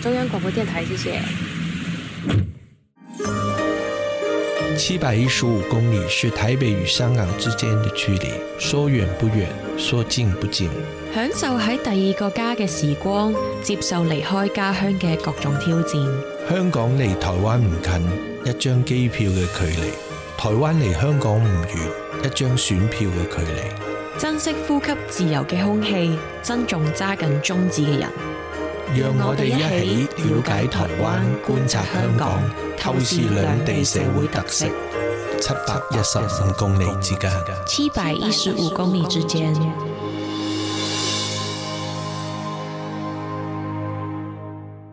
中央廣播電台，謝謝。七百一十五公里是台北與香港之間的距離，說遠不遠，說近不近。享受喺第二個家嘅時光，接受離開家鄉嘅各種挑戰。香港離台灣唔近，一張機票嘅距離；台灣離香港唔遠，一張選票嘅距離。珍惜呼吸自由嘅空氣，珍重揸緊宗旨嘅人。讓我哋一起了解台灣，觀察香港，透視兩地社會特色。七百一十五公里之間。七百一十五公里之間。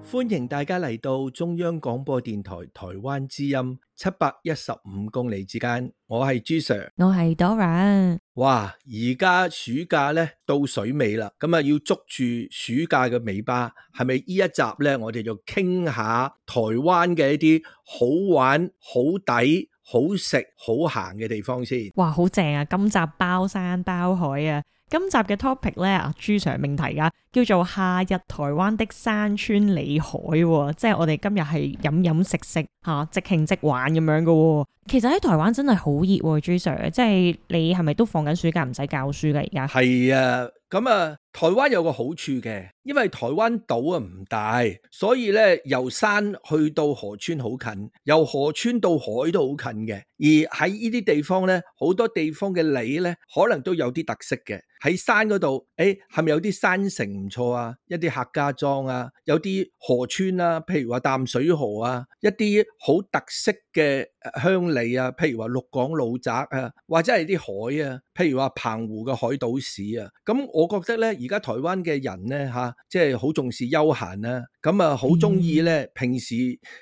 歡迎大家嚟到中央廣播電台台灣之音七百一十五公里之間，我係朱 Sir，我係 Dora。哇，而家暑假咧，到水尾啦，咁啊要捉住暑假嘅尾巴，係咪呢一集咧？我哋就傾下台灣嘅一啲好玩、好抵、好食、好行嘅地方先。哇，好正啊！今集包山包海啊！今集嘅 topic 咧啊，朱 Sir 命題㗎，叫做夏日台灣的山川里海，即係我哋今日係飲飲食食吓，即興即玩咁樣嘅。其實喺台灣真係好熱，朱 Sir，即係你係咪都放緊暑假，唔使教書嘅而家？係啊，咁啊。台灣有個好處嘅，因為台灣島啊唔大，所以咧由山去到河川好近，由河川到海都好近嘅。而喺呢啲地方咧，好多地方嘅里咧可能都有啲特色嘅。喺山嗰度，誒係咪有啲山城唔錯啊？一啲客家莊啊，有啲河村啊，譬如話淡水河啊，一啲好特色嘅鄉里啊，譬如話鹿港老宅啊，或者係啲海啊，譬如話澎湖嘅海島史啊，咁我覺得咧。而家台灣嘅人咧吓、啊，即係好重視休閒啦、啊，咁啊好中意咧，嗯、平時，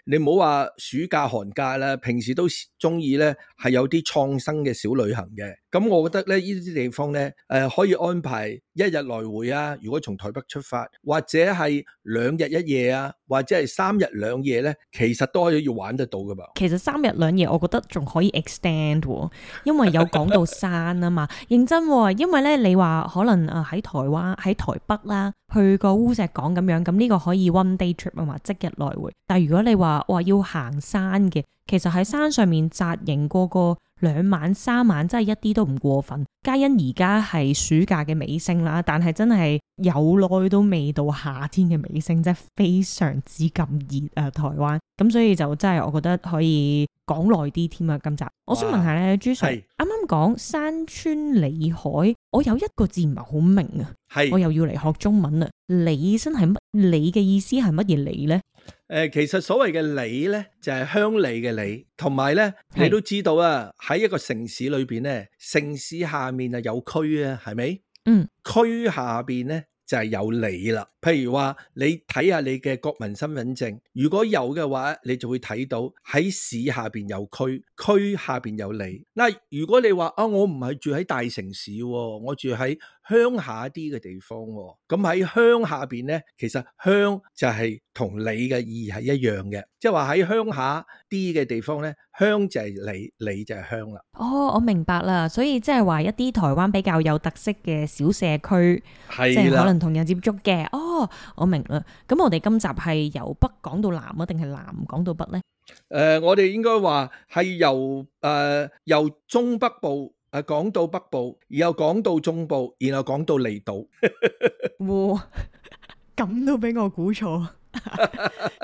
你冇話暑假寒假啦，平時都中意咧係有啲創新嘅小旅行嘅。咁、嗯、我覺得咧，呢啲地方咧，誒、呃、可以安排一日來回啊。如果從台北出發，或者係兩日一夜啊，或者係三日兩夜咧，其實都可以要玩得到噶噃。其實三日兩夜，我覺得仲可以 extend、哦、因為有講到山啊嘛。 認真、哦，因為咧你話可能誒喺台灣喺台北啦，去個烏石港咁樣，咁呢個可以 one day trip 啊嘛，即日來回。但係如果你話話要行山嘅，其實喺山上面紮營過個兩晚三晚真係一啲都唔過分，皆因而家係暑假嘅尾聲啦。但係真係有耐都未到夏天嘅尾聲，真係非常之咁熱啊！台灣，咁所以就真係我覺得可以講耐啲添啊！今集哇我想問下咧，朱 Sir 啱啱講山川里海，我有一個字唔係好明啊，是我又要嚟學中文啦。里真係乜？里嘅意思係乜嘢？里咧？誒，其實所謂嘅里咧，就係鄉里嘅里，同埋咧，你都知道啊，喺是一個城市裏邊咧，城市下面啊有區啊，係咪？嗯，區下邊咧就係、是、有里啦。譬如話你睇下你嘅國民身份證，如果有嘅話，你就會睇到喺市下邊有區，區下邊有里。嗱，如果你話啊，我唔係住喺大城市、啊，我住喺鄉下啲嘅地方，咁喺鄉下邊咧，其實鄉就係同里嘅意義係一樣嘅，即係話喺鄉下啲嘅地方咧，鄉就係里，里就係鄉啦。哦，我明白啦，所以即係話一啲台灣比較有特色嘅小社區，即係可能同人接觸嘅。哦，我明啦。咁我哋今集係由北講到南啊，定係南講到北咧？誒，我哋應該話係由誒由中北部。誒，講到北部，然後講到中部，然後講到離島。哇、 哦，咁都俾我估錯，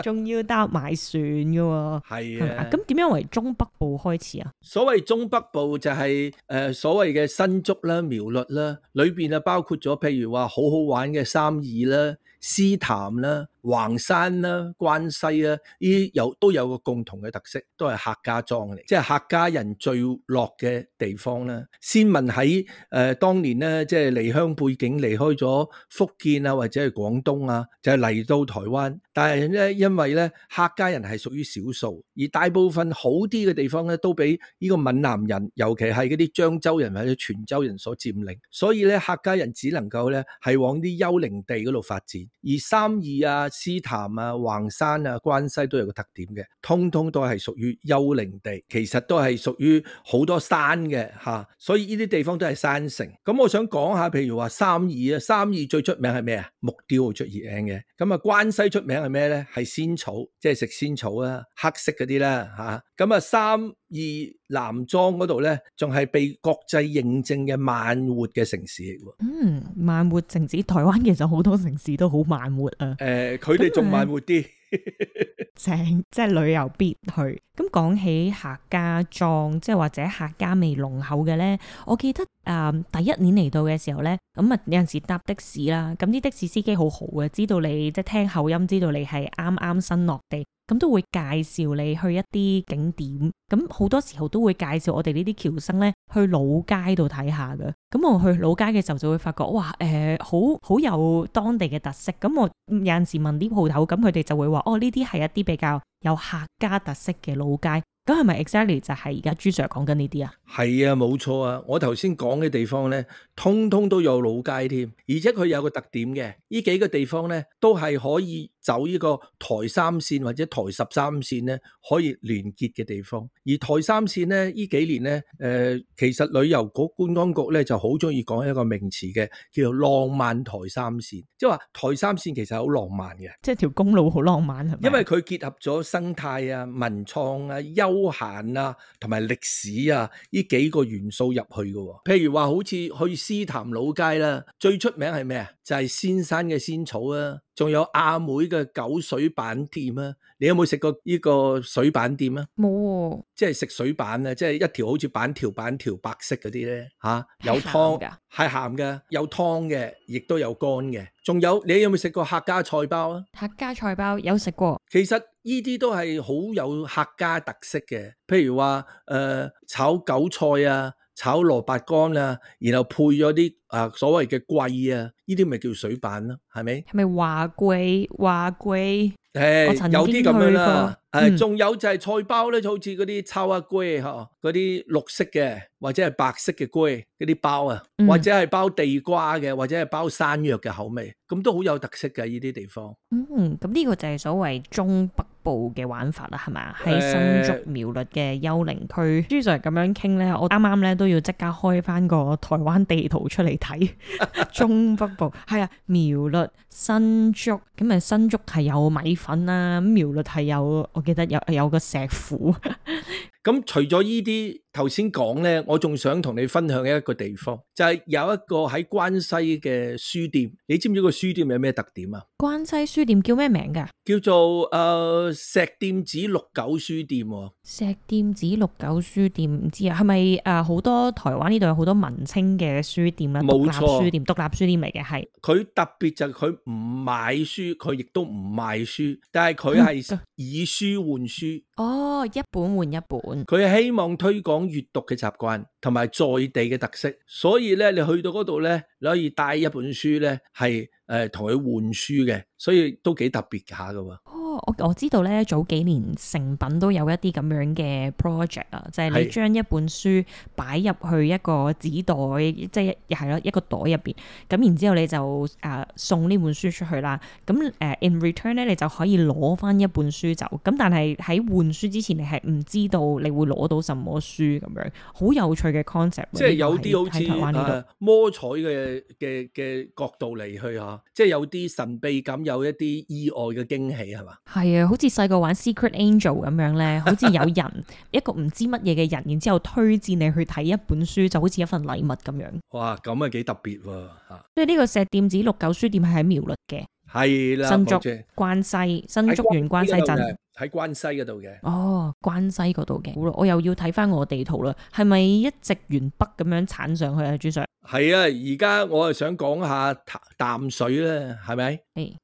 仲 要搭埋船噶。係啊，咁點樣為中北部開始啊？所謂中北部就係、是、誒、呃，所謂嘅新竹啦、苗栗啦，裏邊啊包括咗譬如話好好玩嘅三義啦。獅潭啦、啊、橫山啦、啊、關西啦、啊，呢啲有都有個共同嘅特色，都係客家莊嚟，即係客家人聚落嘅地方啦。先民喺誒、呃、當年咧，即、就、係、是、離鄉背景離開咗福建啊，或者係廣東啊，就嚟、是、到台灣。但係咧，因為咧客家人係屬於少數，而大部分好啲嘅地方咧都俾呢個閩南人，尤其係嗰啲漳州人或者泉州人所佔領，所以咧客家人只能夠咧係往啲丘陵地嗰度發展。而三義啊、獅潭啊、橫山啊、關西都有個特點嘅，通通都係屬於丘陵地，其實都係屬於好多山嘅吓、啊，所以呢啲地方都係山城。咁、嗯、我想講下，譬如話三義啊，三義最出名係咩啊？木雕好出名嘅。咁、嗯、啊，關西出名係咩咧？係仙草，即係食仙草啊，黑色嗰啲啦吓。咁啊、嗯，三義。南莊嗰度呢，仲係被國際認證嘅慢活嘅城市。嗯，慢活城市，台灣其實好多城市都好慢活啊。誒、呃，佢哋仲慢活啲。嗯 正即係旅遊必去。咁講起客家莊，即係或者客家味濃厚嘅呢，我記得啊、呃，第一年嚟到嘅時候呢，咁、嗯、啊有陣時搭的士啦，咁、嗯、啲的士司機好好嘅，知道你即係聽口音，知道你係啱啱新落地，咁、嗯、都會介紹你去一啲景點。咁、嗯、好多時候都會介紹我哋呢啲僑生呢。去老街度睇下嘅，咁我去老街嘅時候就會發覺，哇，誒、呃，好好有當地嘅特色。咁我有陣時問啲鋪頭，咁佢哋就會話，哦，呢啲係一啲比較有客家特色嘅老街。咁係咪 exactly 就係而家朱 Sir 講緊呢啲啊？係啊，冇錯啊！我頭先講嘅地方咧，通通都有老街添，而且佢有個特點嘅，呢幾個地方咧都係可以。走呢個台三線或者台十三線咧，可以連結嘅地方。而台三線咧，呢幾年咧，誒、呃，其實旅遊局、觀光局咧就好中意講一個名詞嘅，叫做浪漫台三線。即係話台三線其實好浪漫嘅，即係條公路好浪漫係咪？因為佢結合咗生態啊、文創啊、休閒啊同埋歷史啊呢幾個元素入去嘅。譬如話好似去獅潭老街啦，最出名係咩啊？就係、是、仙山嘅仙草啊。仲有阿妹嘅狗水板店啊！你有冇食過呢個水板店啊？冇、哦，即係食水板咧，即係一條好似板條板條白色嗰啲咧，吓有湯，係鹹嘅，有湯嘅，亦都有乾嘅。仲有你有冇食過客家菜包啊？客家菜包有食過。其實呢啲都係好有客家特色嘅，譬如話誒、呃、炒韭菜啊。炒蘿蔔乾啦，然後配咗啲啊所謂嘅桂啊，呢啲咪叫水板咯，啊，係咪？係咪華貴華貴？哎、有啲咁樣啦。誒，仲有就係菜包咧，就好似嗰啲炒啊龜嗬，嗰啲綠色嘅或者係白色嘅龜嗰啲包啊，或者係包，嗯、包地瓜嘅，或者係包山藥嘅口味，咁都好有特色嘅呢啲地方。嗯、咁、嗯、呢、這個就係所謂中北部嘅玩法啦，係咪？喺新竹苗栗嘅幽靈區。朱 Sir 咁樣傾咧，我啱啱咧都要即刻開翻個台灣地圖出嚟睇。 中北部係啊，苗栗、新竹，咁啊新竹係有米粉啦，苗栗係有。我記得有有個石斧。 咁、嗯、除咗呢啲頭先講咧，我仲想同你分享一個地方，就係、是、有一個喺關西嘅書店。你知唔知個書店有咩特點啊？關西書店叫咩名噶叫做誒、呃、石店子六九書店。石店子六九書店唔知啊，係咪誒好多台灣呢度有好多文青嘅書店咧？冇錯錯，書店，獨立書店嚟嘅係。佢特別就係佢唔買書，佢亦都唔賣書，但係佢係以書換書。嗯哦，一本換一本，佢希望推廣閱讀嘅習慣同埋在地嘅特色，所以咧你去到嗰度咧，你可以帶一本書咧，係誒同佢換書嘅，所以都幾特別下噶。我、哦、我知道咧，早幾年誠品都有一啲咁樣嘅 project 啊，就係、是、你將一本書擺入去一個紙袋，即係係咯一個袋入邊，咁然之後你就誒、呃、送呢本書出去啦。咁、嗯、誒、呃、in return 咧，你就可以攞返一本書走。咁但係喺換書之前，你係唔知道你會攞到什麼書咁樣，好有趣嘅 concept 啊。即係有啲好似台灣呢誒魔彩嘅嘅嘅角度嚟去吓，即係有啲神秘感，有一啲意外嘅驚喜係嘛？係啊，好似細個玩 Secret Angel 咁樣咧，好似有人一個唔知乜嘢嘅人，然之後推薦你去睇一本書，就好似一份禮物咁樣。哇，咁啊幾特別喎吓！所以呢個石店子六九書店係喺苗栗嘅，係 啦樂，新竹關西，新竹縣關西鎮。喺關西嗰度嘅，哦，關西嗰度嘅，好啦，我又要睇翻我地圖啦，係咪一直沿北咁樣鏟上去啊？朱 Sir，係啊，而家我係想講下淡水啦，係咪？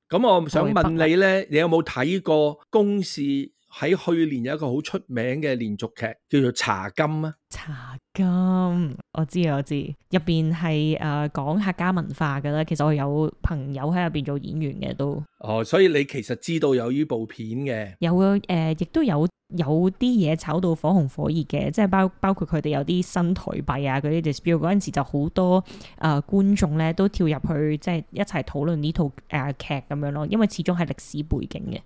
咁誒我想問你咧，你有冇睇過公視喺去年有一個好出名嘅連續劇叫做《茶金》啊？茶金，我知啊，我知，入邊係誒講客家文化嘅啦。其實我有朋友喺入邊做演員嘅，都哦，所以你其實知道有呢部片嘅、呃。有誒，亦都有有啲嘢炒到火紅火熱嘅，即係包包括佢哋有啲新台幣啊嗰啲。dispute，嗰陣時就好多誒、呃、觀眾咧都跳入去，即係一齊討論呢套誒劇咁樣咯。因為始終係歷史背景嘅。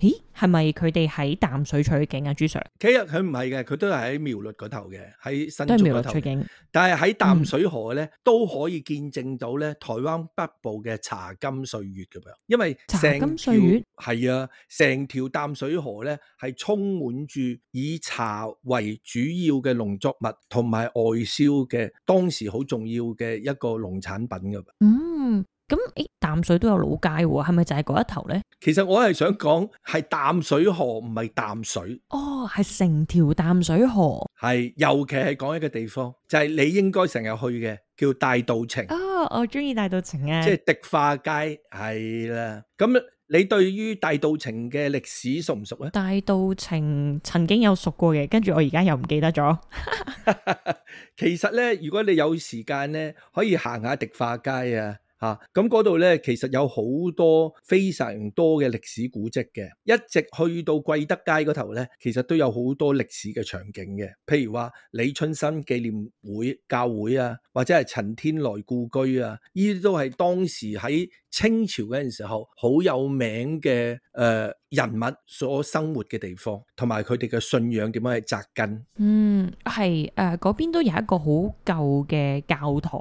咦，係咪佢哋喺淡水取景啊，朱 sir？其實佢唔係嘅，佢都係喺苗栗嗰頭嘅。喺新竹嗰頭，但係喺淡水河咧、嗯、都可以見證到咧台灣北部嘅茶金歲月咁樣，因為成條、茶金歲月係啊，成條淡水河咧係充滿住以茶為主要嘅農作物，同埋外銷嘅當時好重要嘅一個農產品噶。嗯，咁誒淡水都有老街喎、啊，係咪就係嗰一頭咧？其實我係想講係淡水河，唔係淡水。哦。係成條淡水河，係尤其係講一個地方，就係、是、你應該成日去嘅，叫大稻埕。哦、稻埕啊，我中意大稻埕啊，即係迪化街係啦。咁你對於大稻埕嘅歷史熟唔熟咧？大稻埕曾經有熟過嘅，跟住我而家又唔記得咗。 其實咧，如果你有時間咧，可以行下迪化街啊。嚇，咁嗰度咧，其實有好多非常多嘅歷史古蹟嘅，一直去到貴德街嗰頭咧，其實都有好多歷史嘅場景嘅，譬如話李春生紀念會教會啊，或者係陳天來故居啊，呢啲都係當時喺清朝嗰陣時候好有名嘅誒。呃人物所生活嘅地方，同埋佢哋嘅信仰點樣去紮根？嗯，係誒，嗰、呃、邊都有一個好舊嘅教堂，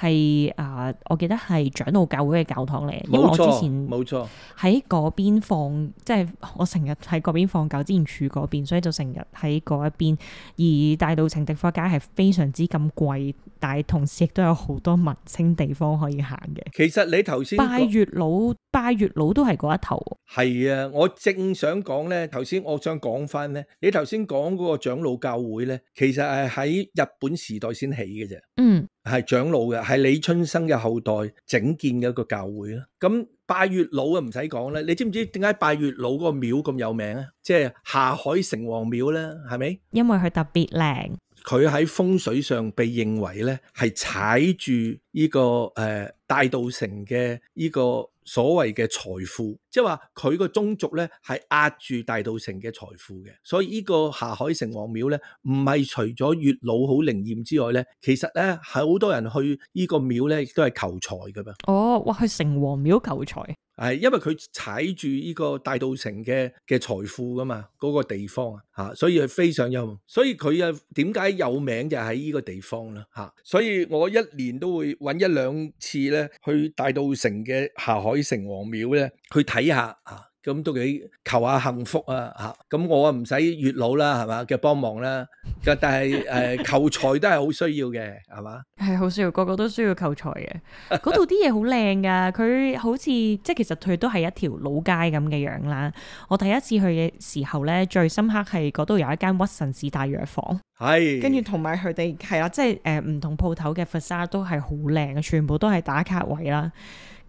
係啊、呃，我記得係長老教會嘅教堂嚟。因為我之前冇錯。喺嗰邊放，即係我成日喺嗰邊放狗，之前住嗰邊，所以就成日喺嗰一邊。而大稻埕迪化街係非常之咁貴，但係同時亦都有好多文青地方可以行嘅。其實你頭先、那個、拜月老，拜月老都係嗰一頭。係啊。誒，我正想講咧，頭先我想講翻咧，你頭先講嗰個長老教會咧，其實係喺日本時代先起嘅啫。嗯，係長老嘅，係李春生嘅後代整建嘅一個教會啦。咁拜月老啊，唔使講啦，你知唔知點解拜月老個廟咁有名啊？即係霞海城隍廟咧，係咪？因為佢特別靚，佢喺風水上被認為咧係踩住呢個誒大稻埕嘅呢個。所謂嘅財富，即係話佢個宗族咧係壓住大稻埕嘅財富嘅，所以呢個霞海城隍廟咧，唔係除咗月老好靈驗之外咧，其實咧係好多人去呢個廟咧，亦都係求財噶噃。哦，哇！去城隍廟求財。係，因為佢踩住呢個大稻埕嘅嘅財富噶嘛，嗰、那個地方啊，嚇，所以佢非常有，所以佢啊點解有名就喺呢個地方啦，嚇，所以我一年都會揾一兩次咧去大稻埕嘅霞海城隍廟咧去睇下啊。咁都幾求下幸福啊！嚇，咁我啊唔使月老啦，係嘛嘅幫忙啦。但係誒求財都係好需要嘅，係嘛？係好需要，個個都需要求財嘅。嗰度啲嘢好靚噶，佢好似即係其實佢都係一條老街咁嘅樣啦。我第一次去嘅時候咧，最深刻係嗰度有一間屈臣氏大藥房，係跟住同埋佢哋係啊，即係誒唔同鋪頭嘅佛沙都係好靚嘅，全部都係打卡位啦。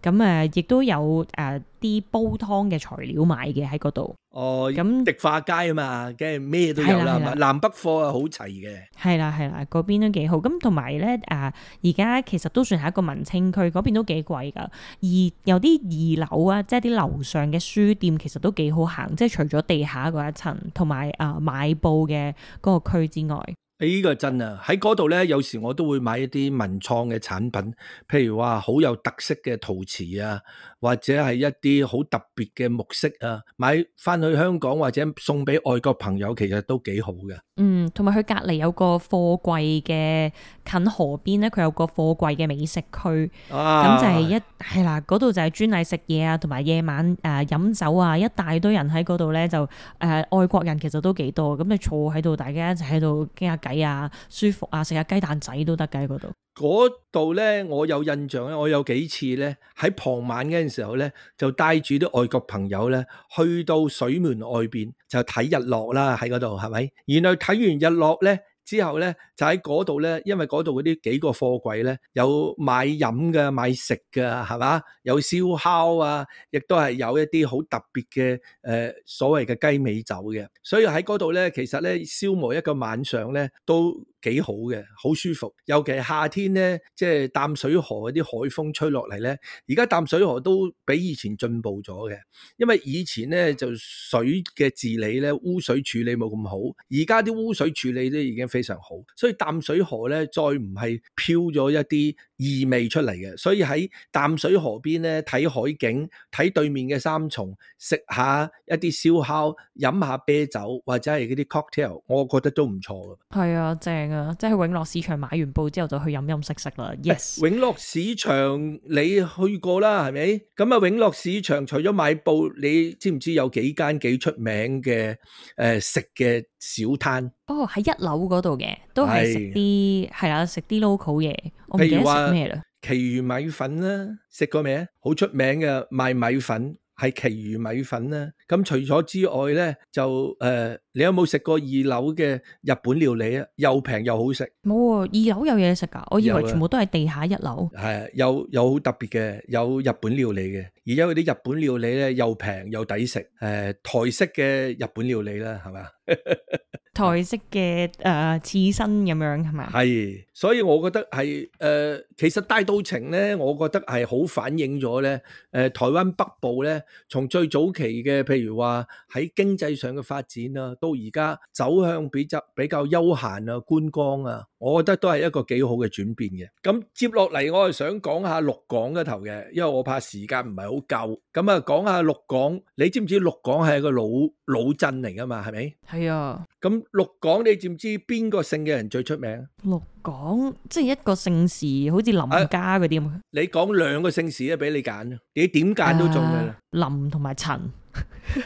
咁誒，亦、嗯、都有誒啲、呃、煲湯嘅材料買嘅喺嗰度哦。咁、呃嗯、迪化街啊嘛，梗係咩都有啦，南北貨啊好齊嘅。係啦係啦，嗰邊都幾好。咁同埋咧誒，而、呃、家其實都算係一個文青區，嗰邊都幾貴噶。而有啲二樓啊，即係啲樓上嘅書店，其實都幾好行。即係除咗地下嗰一層同埋誒買布嘅嗰個區之外。呢個真啊！喺嗰度呢，有時我都會買一啲文創嘅產品，譬如話好有特色嘅陶瓷啊，或者係一啲好特別嘅木飾啊，買翻去香港或者送俾外國朋友，其實都幾好嘅。嗯，同埋佢隔離有個貨櫃嘅近河邊呢，佢有個貨櫃嘅美食區，咁就係一係啦，嗰度就係專例食嘢啊，同埋夜晚誒、呃、飲酒啊，一大堆人喺嗰度呢，就誒外、呃、國人其實都幾多，咁你坐喺度，大家一齊喺度傾下偈。睇啊，舒服啊，食下雞蛋仔都得噶喺嗰度。嗰度咧，我有印象咧，我有幾次咧，喺傍晚嗰陣時候咧，就帶住啲外國朋友咧，去到水門外邊就睇日落啦。喺嗰度係咪？原來睇完日落咧。之後咧就喺嗰度咧，因為嗰度嗰啲幾個貨櫃咧，有買飲嘅、買食嘅，係嘛，有燒烤啊，亦都係有一啲好特別嘅，誒、呃，所謂嘅雞尾酒嘅，所以喺嗰度咧，其實咧消磨一個晚上咧都。幾好嘅，好舒服。尤其係夏天咧，即係淡水河嗰啲海風吹落嚟咧。而家淡水河都比以前進步咗嘅，因為以前咧就水嘅治理咧，污水處理冇咁好。而家啲污水處理都已經非常好，所以淡水河咧再唔係漂咗一啲，意味出嚟嘅，所以喺淡水河邊咧睇海景，睇對面嘅三重，食下一啲燒烤，飲下啤酒或者係嗰啲 cocktail，我覺得都唔錯嘅。係啊，正啊，即係去永樂市場買完布之後就去飲飲食食啦。Yes，永樂市場你去過啦，係咪？咁、嗯、啊，永樂市場除咗買布，你知唔知有幾間幾出名嘅誒、呃、食嘅？小攤，哦喺一樓嗰度嘅，都係食啲係啦，食啲 local 嘢。我唔記得食咩啦。奇魚米粉啦，食過未啊？好出名嘅賣米粉係奇魚米粉啦。咁除咗之外咧，就誒。呃你有冇食過二樓嘅日本料理啊？又平又好食。冇啊，二樓有嘢食噶。我以為全部都係地下一樓。係，有有好特別嘅，有日本料理嘅。而家嗰啲日本料理咧，又平又抵食。誒，台式嘅日本料理啦，係咪啊？台式嘅誒，刺身咁樣係咪？係，所以我覺得係誒，其實大稻埕咧，我覺得係好反映咗咧，誒，台灣北部咧，從最早期嘅，譬如話喺經濟上嘅發展啊。到而家走向比較比較休閒啊觀光啊，我覺得都係一個幾好嘅轉變嘅。咁接落嚟我係想講下鹿港嘅頭嘅，因為我怕時間唔係好夠。咁啊，講下鹿港，你知唔知鹿港係一個老老鎮嚟噶嘛？係咪？係啊。咁鹿港你知唔知邊個姓嘅人最出名？鹿港即係一個姓氏，好似林家嗰啲。你講兩個姓氏咧，俾你揀啦，你點揀都中噶啦。林同埋陳。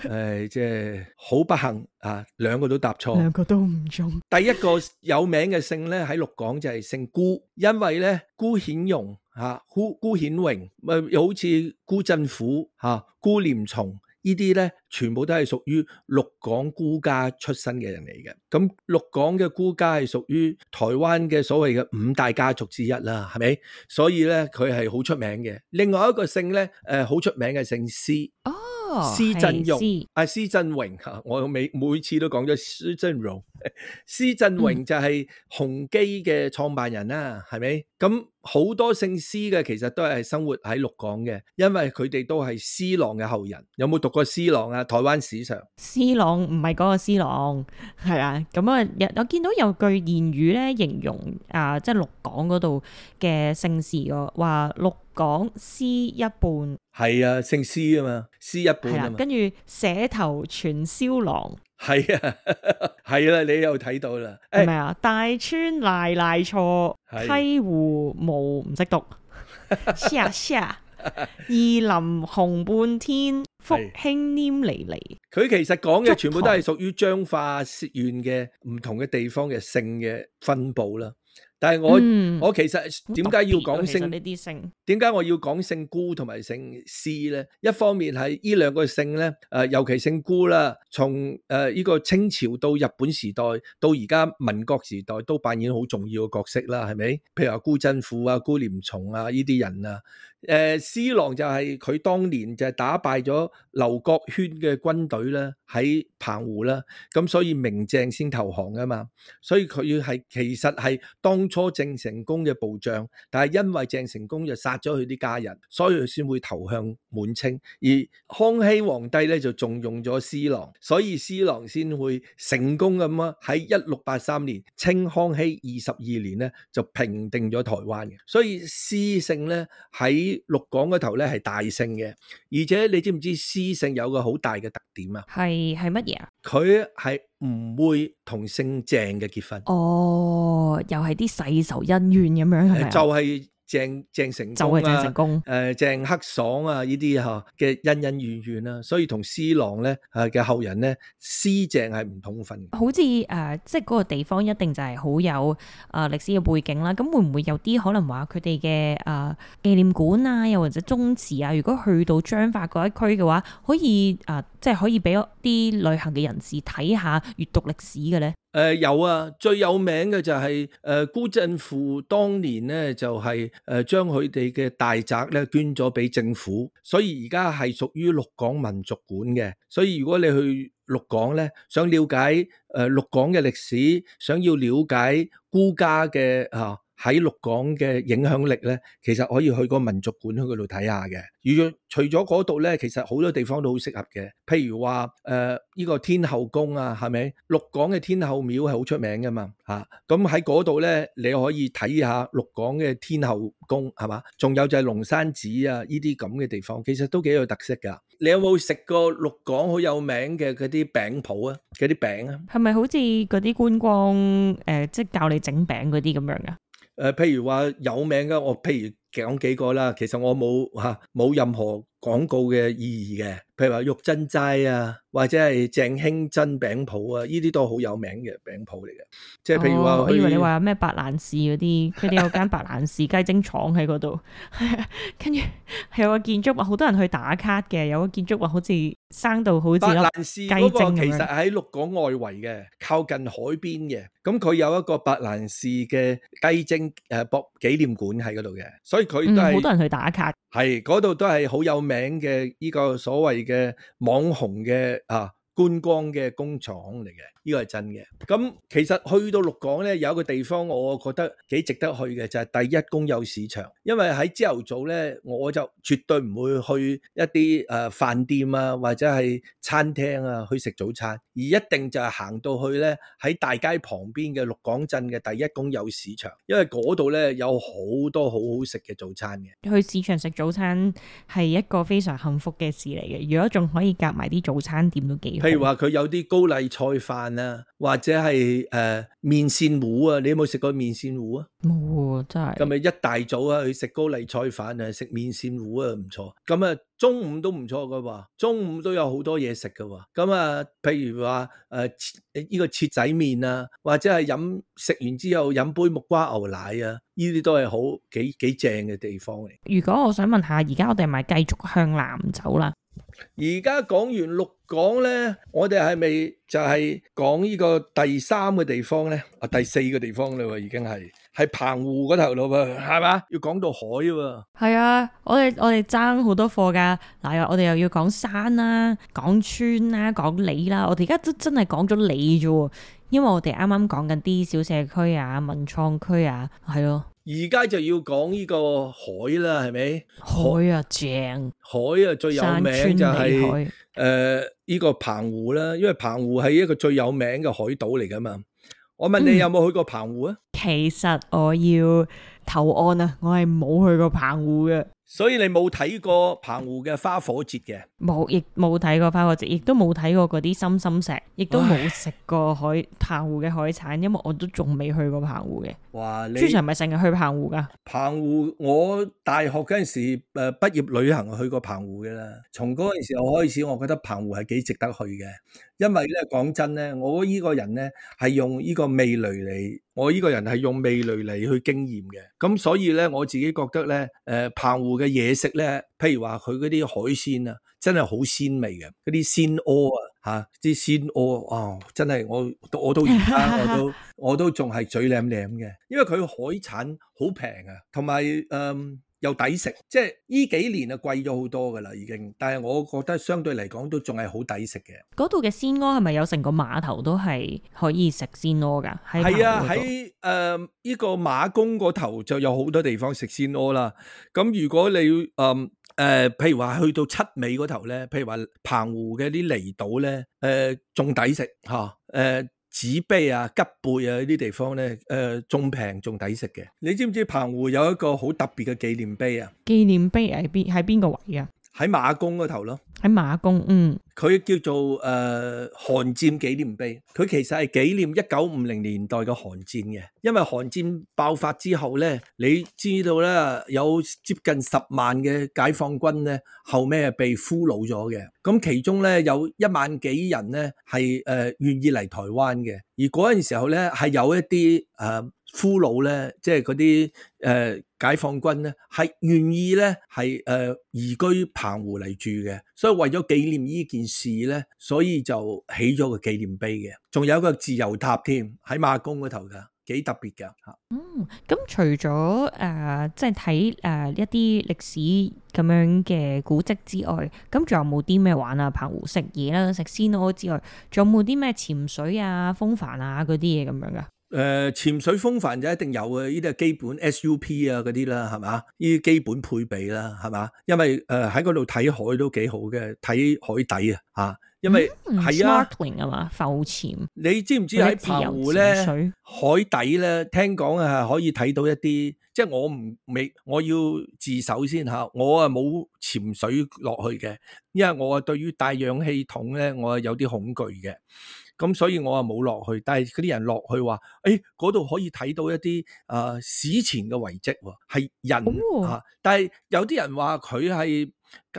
誒、 哎，即係好不幸啊，兩個都答錯，兩個都唔中。 第一個有名嘅姓咧，喺鹿港就係姓辜，因為咧辜顯榮吓，辜辜顯榮，咪、啊呃、好似辜振甫吓，辜、啊、濂松呢啲咧。全部都係屬於鹿港辜家出身嘅人嚟嘅。咁鹿港嘅辜家係屬於台灣嘅所謂嘅五大家族之一啦，係咪？所以咧佢係好出名嘅。另外一個姓咧，誒好出名嘅姓施哦、oh，施振榮啊，施振 C.、啊、榮，我每每次都講咗施振榮。施 振榮就係宏碁嘅創辦人啦、啊，係咪？咁、嗯、好、嗯、多姓施嘅其實都係生活喺鹿港嘅，因為佢哋都係施琅嘅後人。有冇讀過施琅啊？台灣史上，C 郎唔係嗰個 C 郎，係啊，咁、嗯、啊，我見到有句諺語咧形容啊，即係六港嗰度嘅姓氏個話，六港 C 一半，係啊，姓 C 啊嘛，C 一半，跟住蛇頭全燒郎，係啊，係、嗯、啦、啊，你又睇到啦，係、欸、咪啊？大川賴賴錯梯戶冇唔識讀， 二林紅半天，福興黏離離。佢其實講嘅全部都係屬於彰化縣嘅唔同嘅地方嘅姓嘅分佈啦。但係我、嗯、我其實點解、啊、要講姓呢啲姓？點解我要講姓辜同埋姓施咧？一方面係呢兩個姓咧，誒、呃，尤其姓辜啦，從誒呢個清朝到日本時代到而家民國時代都扮演好重要嘅角色啦，係咪？譬如話辜振甫啊、辜濂松啊呢啲人啊。誒，施琅、呃、就係佢當年就係打敗咗劉國軒嘅軍隊啦，喺澎湖啦，咁所以明鄭先投降㗎嘛，所以佢要係其實係當初鄭成功嘅部將，但係因為鄭成功就殺咗佢啲家人，所以佢先會投向滿清，而康熙皇帝咧就重用咗施琅。所以施琅先會成功咁啊喺一六八三年，清康熙二十二年咧就平定咗台灣嘅，所以施姓咧喺。鹿港嗰頭咧係大姓嘅，而且你知唔知施姓有個好大嘅特點啊？係係乜嘢啊？佢係唔會同姓鄭嘅結婚。哦，又係啲世仇恩怨咁樣係咪？就係。鄭鄭成功啊，誒，鄭克、呃、爽啊，呢啲吓嘅恩恩怨怨啊。所以同施琅咧誒嘅後人咧，施鄭係唔通分。好似誒，即係嗰個地方一定就係好有誒歷、呃、史嘅背景啦。咁會唔會有啲可能話佢哋嘅誒紀念館啊，又或者宗祠啊？如果去到彰化嗰一區嘅話，可以誒，即、呃、係、就是、可以俾一啲旅行嘅人士睇下閱讀歷史嘅咧。誒、呃、有啊，最有名嘅就係誒辜振甫。呃、當年咧就係誒將佢哋嘅大宅咧捐咗俾政府，所以而家係屬於鹿港民族館嘅。所以如果你去鹿港咧，想了解誒鹿、呃、港嘅歷史，想要了解辜家嘅啊。喺鹿港嘅影響力咧，其實可以去個民族館去嗰度睇下嘅。除咗嗰度咧，其實好多地方都好適合嘅。譬如話誒，依、呃這個天后宮啊，係咪？鹿港嘅天后廟係好出名㗎嘛，嚇。咁喺嗰度咧，你可以睇下鹿港嘅天后宮，係嘛？仲有就係龍山寺啊，呢啲咁嘅地方，其實都幾有特色㗎。你有冇食過鹿港好有名嘅嗰啲餅鋪啊？嗰啲餅啊，係咪好似嗰啲觀光誒、呃，即係教你整餅嗰啲咁樣㗎？誒、呃、譬如話有名嘅，我譬如講幾個啦，其實我冇吓冇任何。廣告嘅意義嘅，譬如話玉珍齋啊，或者係鄭興珍餅鋪啊，呢啲都好有名嘅餅鋪嚟嘅。即係譬如話、哦，我以為你話咩白蘭氏嗰啲，佢哋 有間白蘭氏雞精廠喺嗰度，跟 住有個建築，好多人去打卡嘅。有個建築話好似生到好似白蘭氏雞精咁，其實喺鹿港外圍嘅，靠近海邊嘅，咁佢有一個白蘭氏嘅雞精誒博、呃、紀念館喺嗰度嘅，所以佢都係好、嗯、多人去打卡。係嗰度都係好有名。名嘅呢個所謂嘅網紅嘅啊。觀光嘅工廠嚟嘅，呢個係真嘅。咁、嗯、其實去到鹿港呢，有一個地方我覺得幾值得去嘅，就係、是、第一公有市場。因為喺朝頭早呢，我就絕對唔會去一啲誒、呃、飯店啊或者係餐廳啊去食早餐，而一定就係行到去呢，喺大街旁邊嘅鹿港鎮嘅第一公有市場，因為嗰度呢，有很多很好多好好食嘅早餐嘅。去市場食早餐係一個非常幸福嘅事嚟嘅，如果仲可以夾埋啲早餐店都幾好。譬如話佢有啲高麗菜飯啊，或者係誒麵線糊啊，你有冇食過麵線糊啊？冇、哦、啊，真係咁咪一大早啊去食高麗菜飯啊，食麵線糊啊唔錯。咁啊、嗯、中午都唔錯噶喎，中午都有好多嘢食噶喎。咁啊譬如話誒呢個切仔麵啊，或者係飲食完之後飲杯木瓜牛奶啊，呢啲都係好幾幾正嘅地方嚟。如果我想問下，而家我哋係咪繼續向南走啦？而家講完鹿港咧，我哋係咪就係講呢個第三嘅地方咧？啊，第四個地方嘞喎，已經係係澎湖嗰頭嘞喎，係嘛？要講到海喎。係啊，我哋我哋爭好多貨噶。嗱，我哋又要講山啦、啊，講村啦、啊，講里啦。我哋而家都真係講咗里啫，因為我哋啱啱講緊啲小社區啊、文創區啊，係咯、啊。而家就要講呢個海啦，係咪？海啊，正！海啊，最有名就係海誒呢個澎湖啦，因為澎湖係一個最有名嘅海島嚟噶嘛。我問你有冇去過澎湖啊？嗯，其實我要投案啊，我係冇去過澎湖嘅，所以你冇睇過澎湖嘅花火節嘅。冇，亦冇睇過花火節，亦都冇睇過嗰啲深深石，亦都冇食過海澎湖嘅海產，因為我都仲未去過澎湖嘅。哇！你通常咪成日去澎湖噶？澎湖我大學嗰陣時誒畢業旅行去過澎湖嘅啦，從嗰陣時候開始，我覺得澎湖係幾值得去嘅。因為咧，講真咧，我依個人咧係用依個味蕾嚟，我依個人係用味蕾嚟去經驗嘅。咁所以咧，我自己覺得咧誒，澎湖嘅嘢食咧，譬如話佢嗰啲海鮮啊～真係好鮮味嘅，嗰啲鮮蚵啊，嚇！啲鮮蚵啊，真係我我到而家我都我都仲係嘴舐舐嘅，因為佢海產好平啊，同埋誒又抵食，即係呢幾年啊貴咗好多噶啦，已經。但係我覺得相對嚟講都仲係好抵食嘅。嗰度嘅鮮蚵係咪有成個碼頭都係可以食鮮蚵㗎？係啊，喺誒依個馬公嗰頭就有好多地方食鮮蚵啦。咁、嗯、如果你誒？嗯誒，譬、呃、如話去到七美嗰頭咧，譬如話澎湖嘅啲離島咧，誒仲抵食吓，誒紙、啊呃、碑啊、吉貝啊呢啲地方咧，誒仲平仲抵食嘅。你知唔知澎湖有一個好特別嘅紀念碑啊？紀念碑喺邊？喺邊個位啊？喺馬公嗰頭咯，喺馬公，嗯，佢叫做誒韓、呃、戰紀念碑，佢其實係紀念一九五零年代嘅韓戰嘅，因為韓戰爆發之後咧，你知道咧有接近十萬嘅解放軍咧後尾係被俘虜咗嘅，咁其中咧有,、呃、有一萬幾人咧係誒願意嚟台灣嘅，而嗰陣時候咧係有一啲誒俘虜咧，即係嗰啲誒。呃解放軍咧係願意咧係誒移居澎湖嚟住嘅，所以為咗紀念呢件事咧，所以就起咗個紀念碑嘅，仲有一個自由塔添喺馬公嗰頭噶，幾特別噶吓。嗯，咁、嗯、除咗誒即係睇誒一啲歷史咁樣嘅古迹之外，咁、嗯、仲有冇啲咩玩啊？澎湖食嘢啦，食鮮蚵之外，仲有冇啲咩潛水啊、風帆啊嗰啲嘢咁樣噶？誒潛、呃、水風帆就一定有啊，呢啲係基本 SUP 啊嗰啲啦，係嘛？呢啲基本配備啦，係嘛？因為誒喺嗰度睇海都幾好嘅，睇海底啊嚇。因為係、嗯、啊，浮潛、嗯。你知唔知喺澎湖咧海底咧？聽講係可以睇到一啲，即係我唔未，我要自首先吓，我啊冇潛水落去嘅，因為我對於帶氧氣筒咧，我有啲恐懼嘅。咁所以我、哎以呃哦哦、啊冇落去，但係嗰啲人落去話，誒，嗰度可以睇到一啲啊史前嘅遺迹，係人吓，但係有啲人話佢係。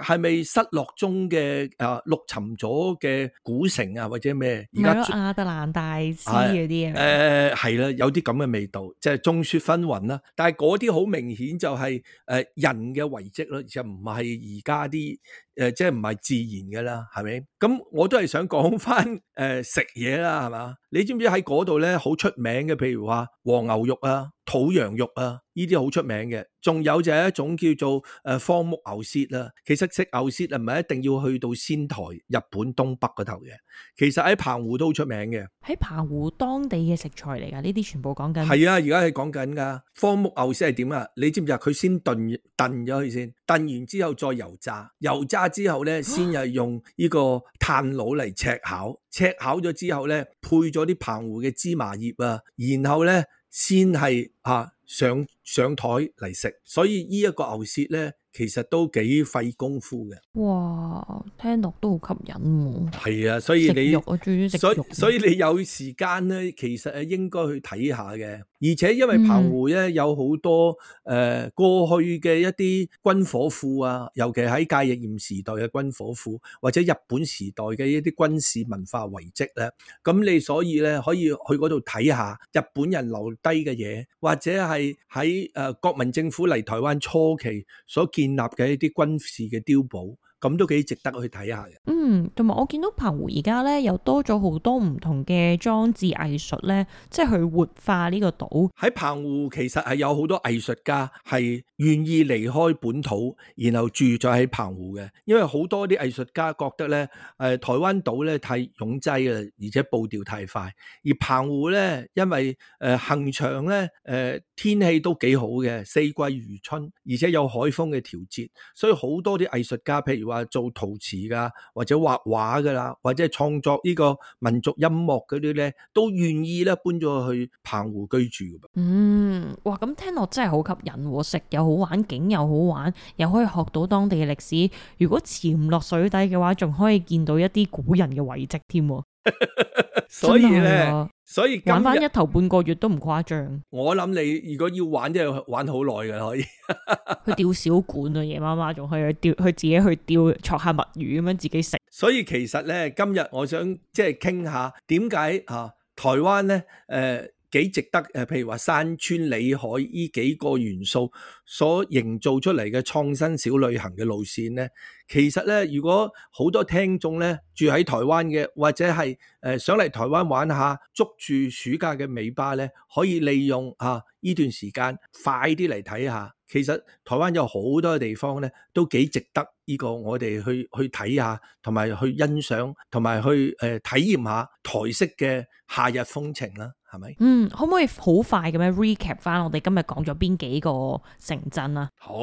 係咪失落中嘅啊？陸沉咗嘅古城啊，或者咩？而家咯，亞特蘭大斯嗰啲啊？誒、呃，係啦，有啲咁嘅味道，即係眾說紛紜啦。但係嗰啲好明顯就係、是、誒、呃、人嘅遺迹咯，而且唔係而家啲誒，即係唔係自然嘅啦，係咪？咁我都係想講翻誒食嘢啦，係、呃、嘛？你知唔知喺嗰度咧好出名嘅？譬如話黃牛肉啊、土羊肉啊，呢啲好出名嘅。仲有就係一種叫做誒荒木牛舌啊，其實。即食牛舌係唔係一定要去到仙台日本東北嗰頭嘅？其實喺澎湖都好出名嘅。喺澎湖當地嘅食材嚟噶，呢啲全部講緊。係啊，而家係講緊噶。方木牛舌係點啊？你知唔知啊？佢先燉燉咗佢先，燉完之後再油炸，油炸之後咧先係用呢個炭爐嚟赤烤，啊、赤烤咗之後咧配咗啲澎湖嘅芝麻葉啊，然後咧先係啊上上枱嚟食。所以呢一個牛舌咧。其實都幾費功夫嘅。哇，聽落都好吸引，係啊，所以你我最中意食肉，所以，所以你有時間咧，其實誒應該去睇下嘅。而且因為澎湖咧有好多誒、呃、過去嘅一啲軍火庫啊，尤其喺戒嚴時代嘅軍火庫，或者日本時代嘅一啲軍事文化遺跡咧、啊，咁你所以咧可以去嗰度睇下日本人留低嘅嘢，或者係喺誒國民政府嚟台灣初期所建立嘅一啲軍事嘅碉堡。咁都幾值得去睇下嘅。嗯，同埋我見到澎湖而家咧，又多咗好多唔同嘅裝置藝術咧，即係去活化呢個島。喺澎湖其實係有好多藝術家係願意離開本土，然後住在喺澎湖嘅。因為好多啲藝術家覺得咧，誒、呃、台灣島咧太擁擠啦，而且步調太快。而澎湖咧，因為誒恆、呃、長咧，誒、呃、天氣都幾好嘅，四季如春，而且有海風嘅調節，所以好多啲藝術家譬如～話做陶瓷噶，或者畫畫噶啦，或者係創作呢個民族音樂嗰啲咧，都願意咧搬咗去澎湖居住。嗯，哇！咁聽落真係好吸引，啊，食又好玩，景又好玩，又可以學到當地嘅歷史。如果潛唔落水底嘅話，仲可以見到一啲古人嘅遺跡添。 啊、 所以咧。所以玩翻一頭半個月都唔誇張。我諗你如果要玩，即係玩好耐嘅，可以去釣小管啊，夜媽媽仲可以去釣，佢自己去釣，捉下墨魚咁樣自己食。所以其實咧，今日我想即係傾下點解啊台灣咧誒。呃幾值得誒？譬如話山川、里海依幾個元素所營造出嚟嘅創生小旅行嘅路線咧，其實咧，如果好多聽眾咧住喺台灣嘅，或者係誒、呃、想嚟台灣玩下，捉住暑假嘅尾巴咧，可以利用啊呢段時間快啲嚟睇下。其實台灣有好多地方咧，都幾值得呢個我哋去去睇下，同埋去欣賞，同埋去誒、呃、體驗下台式嘅夏日風情啦、啊。嗯，可唔可以好快咁樣 recap 翻我哋今日講咗邊幾個城鎮啊？好，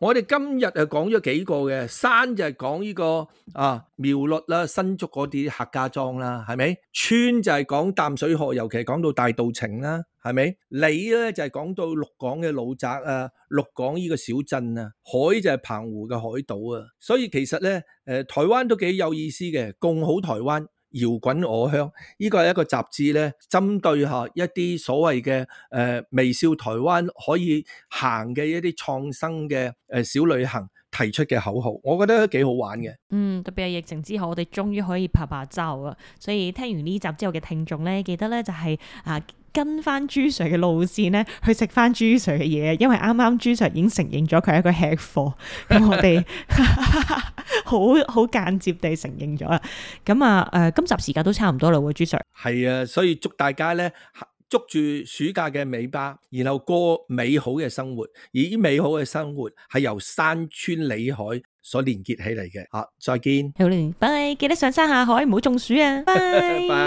我哋今日啊講咗幾個嘅山就係講呢個啊苗栗啦、新竹嗰啲客家莊啦，係咪？川就係講淡水河，尤其係講到大稻埕啦，係咪？里咧就係講到鹿港嘅老宅啊、鹿港呢個小鎮啊，海就係澎湖嘅海島啊，所以其實咧誒台灣都幾有意思嘅，共好台灣。搖滾我鄉，呢個係一個雜誌咧，針對吓一啲所謂嘅誒微笑台灣可以行嘅一啲創生嘅誒小旅行提出嘅口號，我覺得都幾好玩嘅。嗯，特別係疫情之後，我哋終於可以趴趴走啦。所以聽完呢集之後嘅聽眾咧，記得咧就係、是、啊跟翻朱 Sir 嘅路綫咧去食翻朱 Sir 嘅嘢，因為啱啱朱 Sir 已經承認咗佢係一個吃貨，咁我哋。 好好間接地承認咗啦，咁啊誒，今集時間都差唔多啦喎，朱 Sir。係啊，所以祝大家咧捉住暑假嘅尾巴，然後過美好嘅生活。而啲美好嘅生活係由山川里海所連結起嚟嘅。嚇，再見，好啦，拜，記得上山下海唔好中暑啊，拜拜。